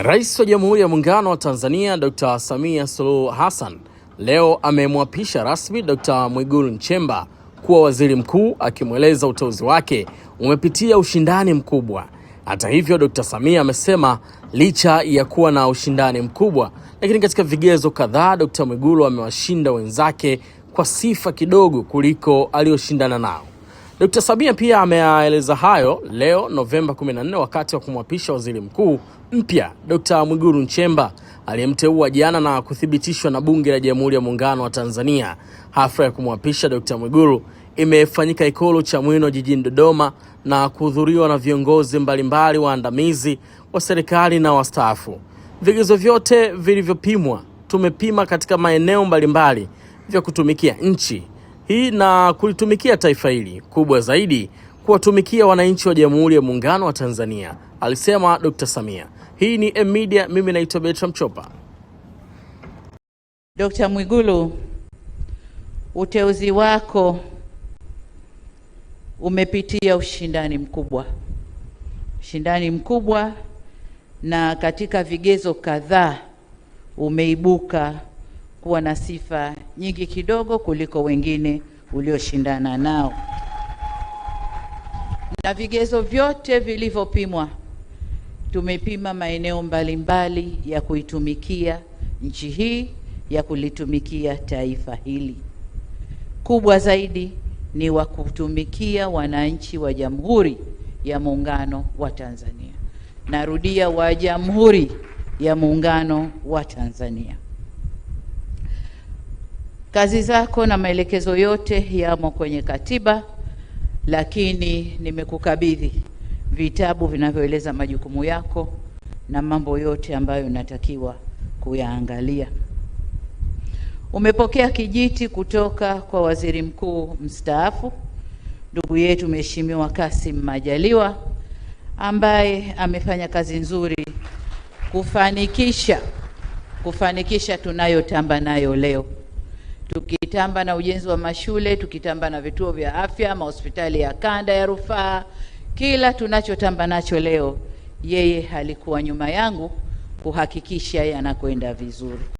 Rais wa Jamhuri ya Muungano wa Tanzania Dr. Samia Suluhu Hassan leo amemwapisha rasmi Dr. Mwigulu Nchemba kuwa waziri mkuu, akimweleza uteuzi wake umepitia ushindani mkubwa. Hata hivyo, Dr. Samia amesema licha ya kuwa na ushindani mkubwa, lakini katika vigezo kadhaa Dr. Mwigulu amewashinda wenzake kwa sifa kidogo kuliko aliyoshindana nao. Dkt. Samia pia ameyaeleza hayo leo Novemba 14 wakati wa kumwapisha waziri mkuu mpya Dkt. Mwigulu Nchemba aliyemteua jana na kuthibitishwa na Bunge la Jamhuri ya Muungano wa Tanzania. Hafla ya kumwapisha Dkt. Mwigulu imefanyika Ikulu Chamwino jijini Dodoma na kuhudhuriwa na viongozi mbalimbali waandamizi wa serikali na wastaafu. Vigezo vyote vilivyopimwa tumepima katika maeneo mbalimbali vya kutumikia nchi hii na kulitumikia taifa hili, kubwa zaidi kuwatumikia wananchi wa Jamhuri ya Muungano wa Tanzania, alisema Dr. Samia. Hii ni M-Media, mimi naitwa Bertram Chopa. Dr. Mwigulu, uteuzi wako umepitia ushindani mkubwa, ushindani mkubwa, na katika vigezo kadhaa umeibuka kuwa na sifa nyingi kidogo kuliko wengine ulioshindana nao, na vigezo vyote vilivyopimwa. Tumepima maeneo mbalimbali ya kuitumikia nchi hii, ya kulitumikia taifa hili. Kubwa zaidi ni wa kutumikia wananchi wa Jamhuri ya Muungano wa Tanzania. Narudia, wa Jamhuri ya Muungano wa Tanzania. Kazi zako na maelekezo yote yamo kwenye katiba, lakini nimekukabidhi vitabu vinavyoeleza majukumu yako na mambo yote ambayo unatakiwa kuyaangalia. Umepokea kijiti kutoka kwa Waziri Mkuu mstaafu ndugu yetu Mheshimiwa Kassim Majaliwa ambaye amefanya kazi nzuri kufanikisha kufanikisha tunayotamba nayo leo tukitamba na ujenzi wa mashule, tukitamba na vituo vya afya, mahospitali ya kanda ya rufaa, kila tunachotamba nacho leo, yeye alikuwa nyuma yangu kuhakikisha yanakwenda vizuri.